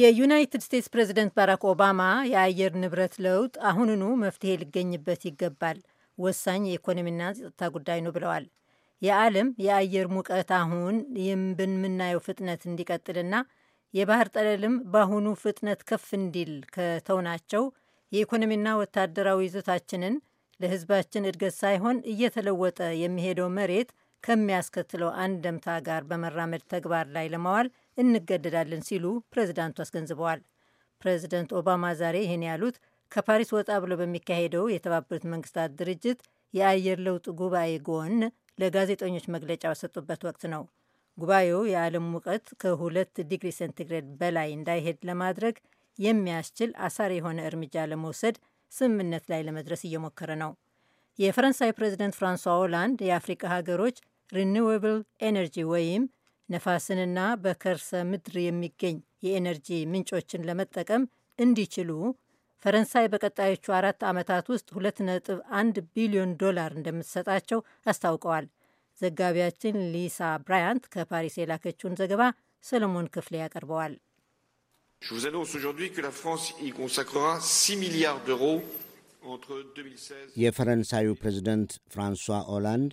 የዩናይትድ ስቴትስ ፕሬዚደንት ባራክ ኦባማ የአየር ንብረት ለውጥ አሁንኑ መፍትሄ ሊገኝበት ይገባል፣ ወሳኝ የኢኮኖሚና ጸጥታ ጉዳይ ነው ብለዋል። የዓለም የአየር ሙቀት አሁን በምናየው ፍጥነት እንዲቀጥልና የባህር ጠለልም በአሁኑ ፍጥነት ከፍ እንዲል ከተውናቸው የኢኮኖሚና ወታደራዊ ይዞታችንን ለሕዝባችን እድገት ሳይሆን እየተለወጠ የሚሄደው መሬት ከሚያስከትለው አንድምታ ጋር በመራመድ ተግባር ላይ ለማዋል እንገደዳለን ሲሉ ፕሬዚዳንቱ አስገንዝበዋል። ፕሬዚደንት ኦባማ ዛሬ ይህን ያሉት ከፓሪስ ወጣ ብሎ በሚካሄደው የተባበሩት መንግስታት ድርጅት የአየር ለውጥ ጉባኤ ጎን ለጋዜጠኞች መግለጫ በሰጡበት ወቅት ነው። ጉባኤው የዓለም ሙቀት ከሁለት ዲግሪ ሴንቲግሬድ በላይ እንዳይሄድ ለማድረግ የሚያስችል አሳሪ የሆነ እርምጃ ለመውሰድ ስምምነት ላይ ለመድረስ እየሞከረ ነው። የፈረንሳይ ፕሬዚደንት ፍራንሷ ኦላንድ የአፍሪቃ ሀገሮች ሪኒዌብል ኤነርጂ ወይም ነፋስንና በከርሰ ምድር የሚገኝ የኤነርጂ ምንጮችን ለመጠቀም እንዲችሉ ፈረንሳይ በቀጣዮቹ አራት ዓመታት ውስጥ ነጥብ አንድ ቢሊዮን ዶላር እንደምትሰጣቸው አስታውቀዋል። ዘጋቢያችን ሊሳ ብራያንት ከፓሪስ የላከችውን ዘገባ ሰለሞን ክፍሌ ያቀርበዋል። Je vous annonce aujourd'hui que la France y consacrera 6 milliards d'euros የፈረንሳዩ ፕሬዝደንት ፍራንሷ ኦላንድ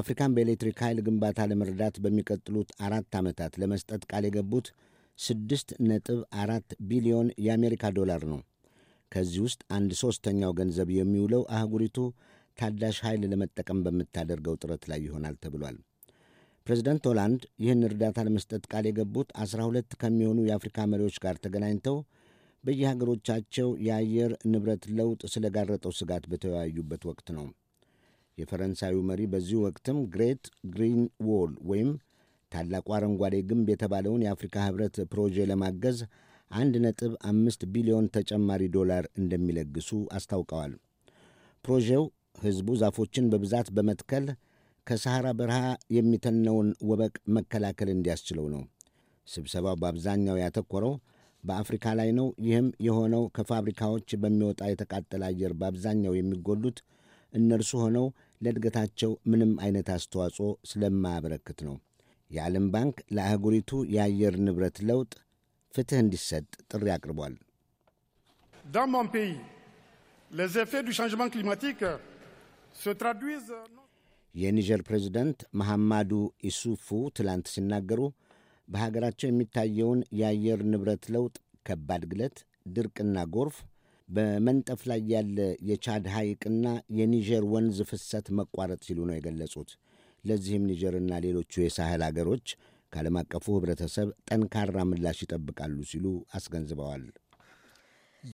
አፍሪካን በኤሌክትሪክ ኃይል ግንባታ ለመርዳት በሚቀጥሉት አራት ዓመታት ለመስጠት ቃል የገቡት ስድስት ነጥብ አራት ቢሊዮን የአሜሪካ ዶላር ነው። ከዚህ ውስጥ አንድ ሦስተኛው ገንዘብ የሚውለው አህጉሪቱ ታዳሽ ኃይል ለመጠቀም በምታደርገው ጥረት ላይ ይሆናል ተብሏል። ፕሬዚደንት ሆላንድ ይህን እርዳታ ለመስጠት ቃል የገቡት አስራ ሁለት ከሚሆኑ የአፍሪካ መሪዎች ጋር ተገናኝተው በየሀገሮቻቸው የአየር ንብረት ለውጥ ስለጋረጠው ስጋት በተወያዩበት ወቅት ነው። የፈረንሳዩ መሪ በዚሁ ወቅትም ግሬት ግሪን ዎል ወይም ታላቁ አረንጓዴ ግንብ የተባለውን የአፍሪካ ህብረት ፕሮጄ ለማገዝ አንድ ነጥብ አምስት ቢሊዮን ተጨማሪ ዶላር እንደሚለግሱ አስታውቀዋል። ፕሮጄው ሕዝቡ ዛፎችን በብዛት በመትከል ከሰሐራ በረሃ የሚተነውን ወበቅ መከላከል እንዲያስችለው ነው። ስብሰባው በአብዛኛው ያተኮረው በአፍሪካ ላይ ነው። ይህም የሆነው ከፋብሪካዎች በሚወጣ የተቃጠለ አየር በአብዛኛው የሚጎዱት እነርሱ ሆነው ለእድገታቸው ምንም አይነት አስተዋጽኦ ስለማያበረክት ነው። የዓለም ባንክ ለአህጉሪቱ የአየር ንብረት ለውጥ ፍትሕ እንዲሰጥ ጥሪ አቅርቧል። የኒጀር ፕሬዚደንት መሐማዱ ኢሱፉ ትላንት ሲናገሩ በሀገራቸው የሚታየውን የአየር ንብረት ለውጥ፣ ከባድ ግለት፣ ድርቅና ጎርፍ፣ በመንጠፍ ላይ ያለ የቻድ ሐይቅና የኒጀር ወንዝ ፍሰት መቋረጥ ሲሉ ነው የገለጹት። ለዚህም ኒጀርና ሌሎቹ የሳህል አገሮች ከዓለም አቀፉ ኅብረተሰብ ጠንካራ ምላሽ ይጠብቃሉ ሲሉ አስገንዝበዋል።